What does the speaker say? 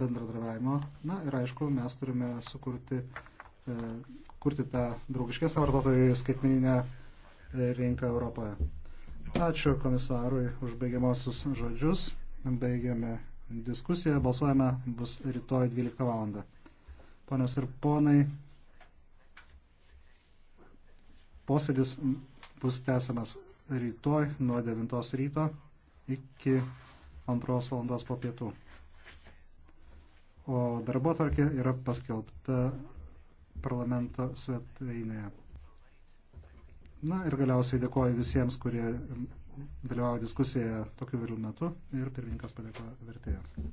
bendradarbiavimo. Na ir aišku, mes turime sukurti, e, kurti tą draugiškesnę vartotojų skaitmeninę e, rinką Europoje. Ačiū komisarui už baigiamosius žodžius. Baigiame diskusiją. Balsuojame bus rytoj 12 val. Ponios ir ponai, posėdis bus tęsiamas rytoj nuo 9 ryto iki 2 valandos po pietų o darbo tvarkė yra paskelbta parlamento svetainėje. Na ir galiausiai dėkoju visiems, kurie dalyvavo diskusijoje tokiu vėliu metu ir pirmininkas padėkoja vertėjams.